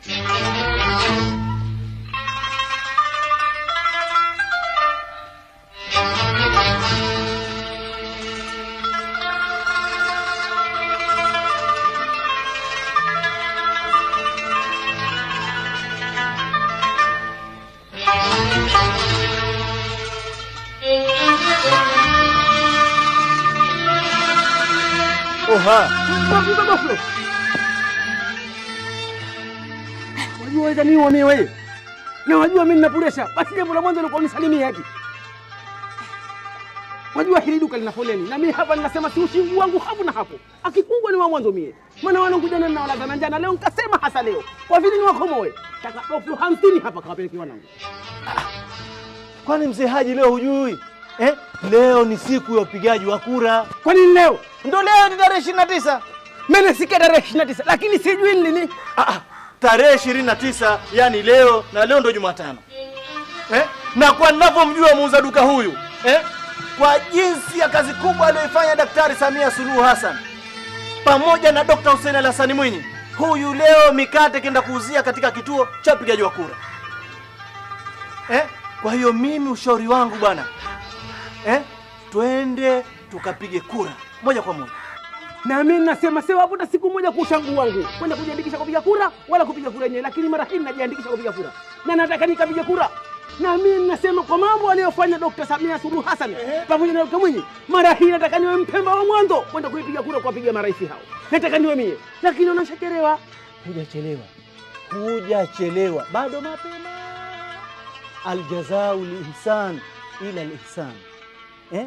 m 哦哈！Unajua wewe nini wewe? Na wajua mimi nina Basi jambo la mwanzo nilikuwa unisalimie eti. Wajua hili duka lina foleni. Na mimi hapa ninasema si ushi wangu hapo na hapo. Akikungwa ni wa mwanzo mie. Maana wanangu jana na wala gana njana leo nikasema hasa leo. Kwa vile ni wako moyo. Taka elfu hamsini hapa kawapeleke wanangu. Ah, kwani mzee Haji leo hujui? Eh? Leo ni siku ya upigaji wa kura. Kwa nini leo? Ndio leo ni tarehe 29. Mimi nisikia tarehe 29 lakini sijui ni lini. Ah ah tarehe 29 yani leo, na leo ndo Jumatano eh? na kwa ninavyomjua muuza duka huyu eh? kwa jinsi ya kazi kubwa aliyoifanya Daktari Samia Suluhu Hassan pamoja na dokta Hussein Al-Hassan Mwinyi, huyu leo mikate kenda kuuzia katika kituo cha upigaji wa kura eh? Kwa hiyo mimi ushauri wangu bwana eh? twende tukapige kura moja kwa moja na mimi nasema sewa hapo siku moja kwa uchangu wangu kwenda kujiandikisha kupiga kura, wala kupiga kura yenyewe, lakini mara hii najiandikisha kupiga kura na nataka nikapige kura. Na mimi nasema kwa mambo aliyofanya Dr. Samia Suluhu Hassan pamoja na Dr. Mwinyi, mara hii nataka niwe Mpemba wa mwanzo kwenda kuipiga kura, kuwapiga marais hao, nataka niwe mie. Lakini unachelewa, hujachelewa, hujachelewa, bado mapema. Aljazau lihsan ila lihsan eh?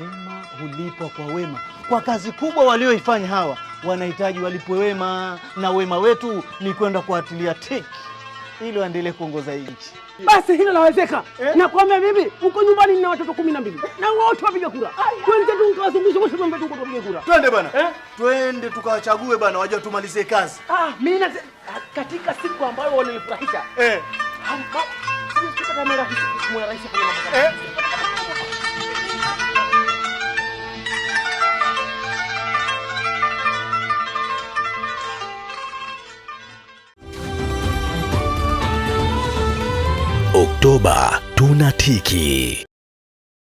Wema hulipwa kwa wema. Kwa kazi kubwa walioifanya hawa, wanahitaji walipwe wema, na wema wetu ni kwenda kuatilia teki ili waendelee kuongoza hii nchi. Basi hilo lawezeka eh? Nakwambia mimi huko nyumbani nina watoto kumi na mbili na wote wapiga kura. Twende tu nikawazungushe kwa sababu mtu kupiga kura. Twende bana. Eh? Twende tukawachague bana, wajua tumalizie kazi. Ah, mimi na ah, katika siku ambayo wananifurahisha. Eh. Sio kitu kama Eh. Bukoba tunatiki.